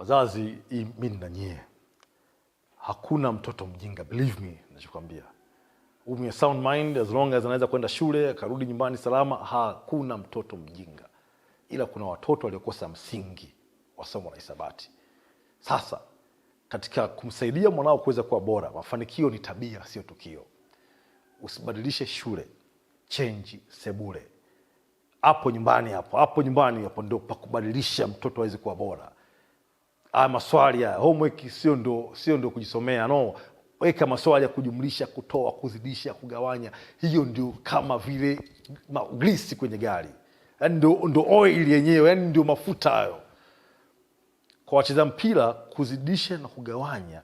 Wazazi, hii mimi na nyie, hakuna mtoto mjinga, believe me ninachokwambia. sound mind as long as anaweza kwenda shule akarudi nyumbani salama, hakuna mtoto mjinga, ila kuna watoto waliokosa msingi wa somo la hisabati. Sasa katika kumsaidia mwanao kuweza kuwa bora, mafanikio ni tabia, sio tukio. Usibadilishe shule, chenji sebule hapo nyumbani, hapo hapo nyumbani, hapo ndo pakubadilisha mtoto aweze kuwa bora haya maswali haya, homework sio ndo, sio ndo kujisomea no. Weka maswali ya kujumlisha, kutoa, kuzidisha, kugawanya. Hiyo ndio kama vile grisi kwenye gari, yani ndo, ndo oil yenyewe, yani ndio mafuta hayo. Kwa wacheza mpira, kuzidisha na kugawanya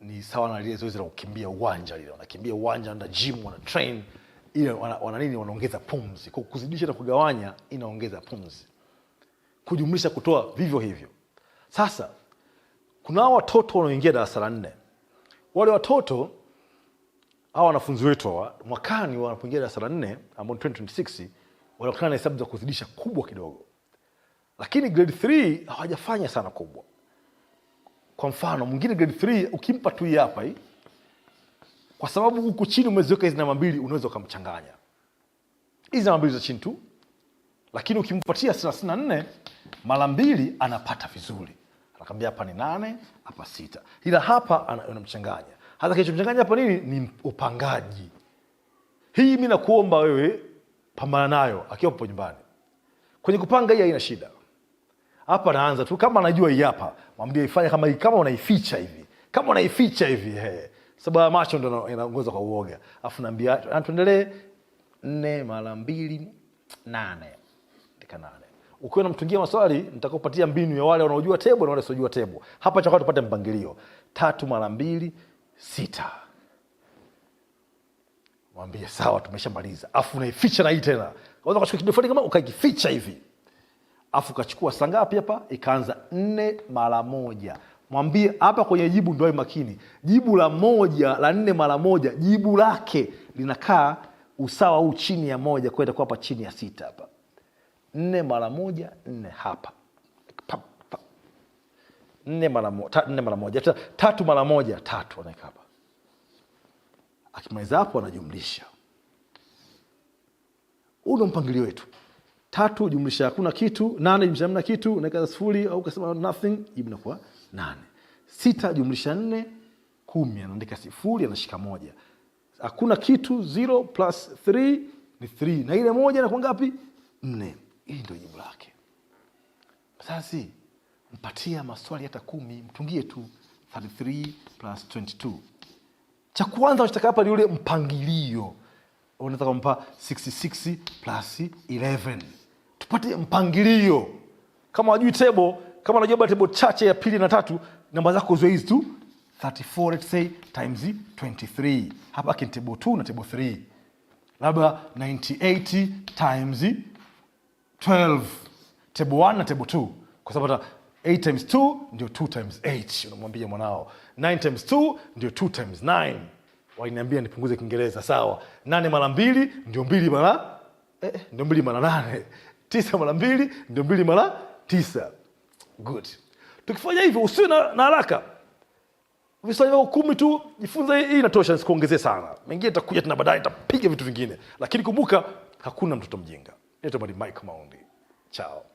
ni sawa na lile zoezi la kukimbia uwanja. Lile wanakimbia uwanja, wanaenda gym, wana train, ile wana, wana nini, wanaongeza pumzi. Kwa kuzidisha na kugawanya, inaongeza pumzi. Kujumlisha, kutoa, vivyo hivyo. Sasa kuna watoto wanaoingia darasa la nne, wale watoto hawa wanafunzi wetu hawa mwakani wanapoingia darasa la nne ambao ni 2026 wanakutana na hesabu za kuzidisha kubwa kidogo, lakini grade 3 hawajafanya sana kubwa. Kwa mfano mwingine grade 3 ukimpa tu hii hapa hii, kwa sababu huku chini umeziweka hizi namba mbili, unaweza ukamchanganya hizi namba mbili za chini tu, lakini ukimpatia 34 mara mbili anapata vizuri. Akaambia hapa ni nane, hapa sita, ila hapa anamchanganya. Hasa kilichomchanganya hapa nini? Ni upangaji. Hii mi nakuomba wewe, pambana nayo akiwa popo nyumbani kwenye kupanga. Hii haina shida, hapa naanza tu, kama anajua hii hapa, mwambie ifanye kama hii, kama unaificha hivi, kama unaificha hivi he. Sababu ya macho ndo inaongoza kwa uoga, afu naambia tuendelee nne mara mbili nane, ndika nane ukiwa namtungia maswali nitakupatia mbinu ya wale wanaojua tebo na wale wasiojua tebo. Hapa cha tupate mpangilio tatu mara mbili sita, mwambie sawa, tumeshamaliza. Afu unaificha na hii tena, unaweza kuchukua kidofoni kama ukaificha hivi, afu kachukua sangapi hapa, ikaanza nne mara moja. Mwambie hapa kwenye jibu, ndio makini. Jibu la moja la nne mara moja, jibu lake linakaa usawa huu chini ya moja, kwa itakuwa hapa chini ya sita hapa nne mara moja nne hapa nne mara moja, nne mara moja tatu mara moja tatu, anaweka hapa. Akimaliza hapo anajumlisha. Huu ndo mpangilio wetu. Tatu jumlisha hakuna kitu, nane jumlisha hamna kitu, naweka sifuri au ukasema nothing, jibu inakuwa nane. Sita jumlisha nne kumi, anaandika sifuri, anashika moja. Hakuna kitu, zero plus three ni three, na ile moja nakuwa ngapi? Nne. Hili ndio jibu lake. Sasa mpatia maswali hata kumi, mtungie tu 33 plus 22. Cha kwanza unachotaka hapa ni ule mpangilio, unataka kumpa 66 plus 11. Tupate mpangilio. Kama wajui tebo, kama unajua bado tebo chache ya pili na tatu, namba zako zoe hizi tu 34 let's say times 23. Hapa ni table 2 na table 3. Labda 98 times 12 table 1 na table 2 kwa sababu 8 times 2 ndio 2 times 8. Unamwambia mwanao 9 times 2 ndio 2 times 9. nipunguze Kiingereza, sawa. 8 mara 2 ndio 2 mara eh, ndio mara 8. mara ndio mara Good. Tukifanya hivyo usiwe na, na haraka. Viswali vyako kumi tu, jifunza hii inatosha, sana. Mengine itakuja tena baadaye, nitapiga vitu vingine. Lakini kumbuka hakuna mtoto mjinga. everybody might come on it. Ciao.